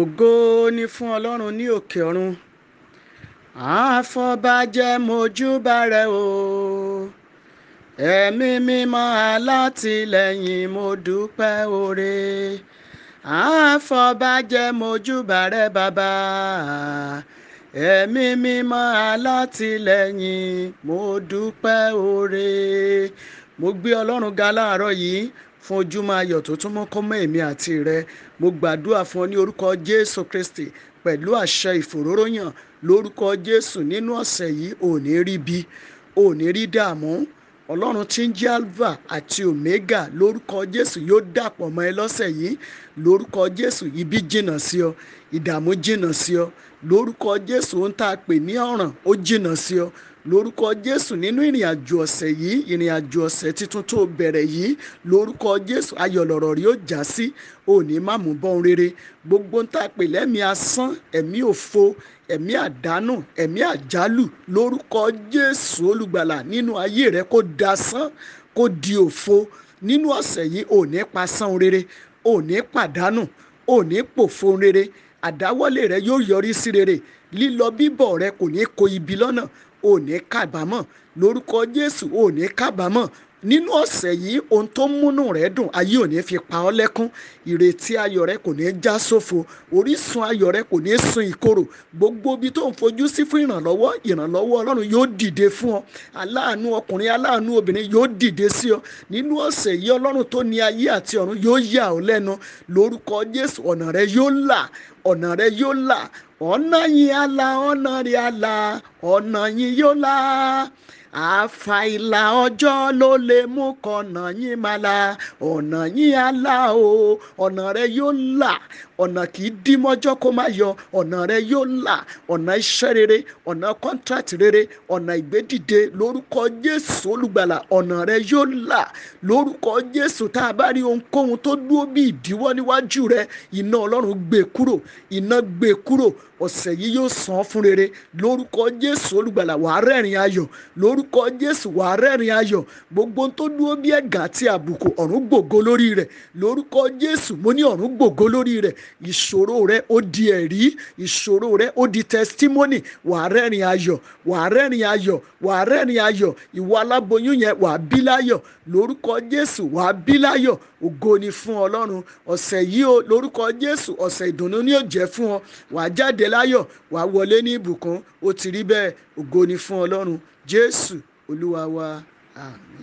ògo ni fún ọlọ́run ní òkè ọ̀run àfọ̀bàjẹ́ mojúbà rẹ̀ o ẹ̀mí mímọ́ alátìlẹ́yìn mo dúpẹ́ oore àfọ̀bàjẹ́ mojúbà rẹ̀ bàbá ẹ̀mí mímọ́ alátìlẹ́yìn mo dúpẹ́ oore mo gbé ọlọ́run ga láàárọ̀ yìí fún ojúmọ́ ayọ̀ tó tún mọ́ kọ́mọ́ èmi àti rẹ mo gbàdúrà fún ọ ní orúkọ jésù kristi pẹ̀lú àṣẹ ìfòróróyàn lórúkọ jésù nínú ọ̀sẹ̀ yìí ò rí bi ò ní rí dààmú ọlọ́run tí ń jẹ́ alpha àti omega lórúkọ jésù yóò dàpọ̀ mọ́ ẹ lọ́sẹ̀ yìí lórúkọ jésù ibi jìnnà sí ọ ìdààmú jìnnà sí ọ lórúkọ jésù ń tá pè ní ọ̀ràn ó jìnnà sí ọ lórúkọ jésù nínú ìrìn àjò ọ̀sẹ̀ yìí ìrìn àjò ọ̀sẹ̀ tuntun tó bẹ̀rẹ̀ yìí lórúkọ jésù ayọ̀ lọ̀rọ̀ rí ó já sí òní má mú bọ́n rere gbogbo ń ta pè lẹ́mí asán ẹ̀mí òfo ẹ̀mí àdánù ẹ̀mí àjálù lórúkọ jésù olùgbàlà nínú ayé rẹ kó dasán kó di òfo nínú ọ̀sẹ̀ yìí òní pasán rere òní pàdánù òní pòfo rere àdáwọ́lé rẹ yóò yọrí sí rere lílọ bíbọ̀ rẹ kò ní kó ibi lọ́nà ò ní kábàámọ̀ lórúkọ Jésù ò ní kábàámọ̀ nínú ọ̀sẹ̀ yìí ohun tó múnú rẹ dùn ayé ò ní fi pa ọ́ lẹ́kún ìrètí ayọ̀ rẹ kò ní já sófo orísun ayọ̀ rẹ kò ní sun ìkorò gbogbo ibi tó ń fojú sí fún ìrànlọ́wọ́ ìrànlọ́wọ́ ọlọ́run yóò dìde fún ọ aláàánú ọkùnrin aláàánú obìnrin yóò dìde sí ọ nínú ọ̀sẹ̀ yìí ọlọ́run tó ní ayé àti ọ̀run yóò yà ọ́ lẹ́nu lórúkọ jésù ọ̀nà rẹ yóò là ọ̀nà rẹ yóò là ọ̀nà yìí á ọ̀nà rẹ á ọ̀nà yìí yóò là àfàìlà ọjọ́ ló lè mú kọ̀nà yín máa la ọ̀nà yín á o ọ̀nà rẹ yóò là ọ̀nà kì í dí mọ́jọ́ kó má yọ ọ̀nà rẹ yóò là ọ̀nà iṣẹ́ rere ọ̀nà contract rere ọ̀nà ìgbédìde lórúkọ Jésù olùgbàlà ọ̀nà rẹ yóò là lórúkọ Jésù tá a bá rí ohunkóhun tó dúró bí ìdíwọ́ níwájú rẹ iná Ọlọ́run gbé kúrò iná gbé kúrò ọ̀sẹ̀ yìí yóò sàn fún rere lórúkọ Jésù olùgbàlà wàá rẹ́rìn ayọ̀ lórúkọ orúkọ jésù wà á rẹ́rìn ayọ̀ gbogbo tó dúró bí ẹ̀gà àti àbùkù ọ̀run gbògo lórí rẹ̀ lórúkọ jésù mo ní ọ̀run gbògo lórí rẹ̀ ìṣòro rẹ̀ ó di ẹ̀rí ìṣòro rẹ̀ ó di testimony wà á rẹ́rìn ayọ̀ wà á rẹ́rìn ayọ̀ wà á rẹ́rìn ayọ̀ ìwọ aláboyún yẹn wà á bí láyọ̀ lórúkọ jésù wà bí láyọ̀ ògo ni fún ọlọ́run ọ̀sẹ̀ yìí o lórúkọ jésù ọ̀sẹ̀ ìdùnnú ni yóò jẹ́ fún ọ wà jáde láyọ̀ wà wọlé ní ìbùkún ó ti rí bẹ́ẹ̀ ògo ni fún ọlọ́run jésù olúwa wa àmín.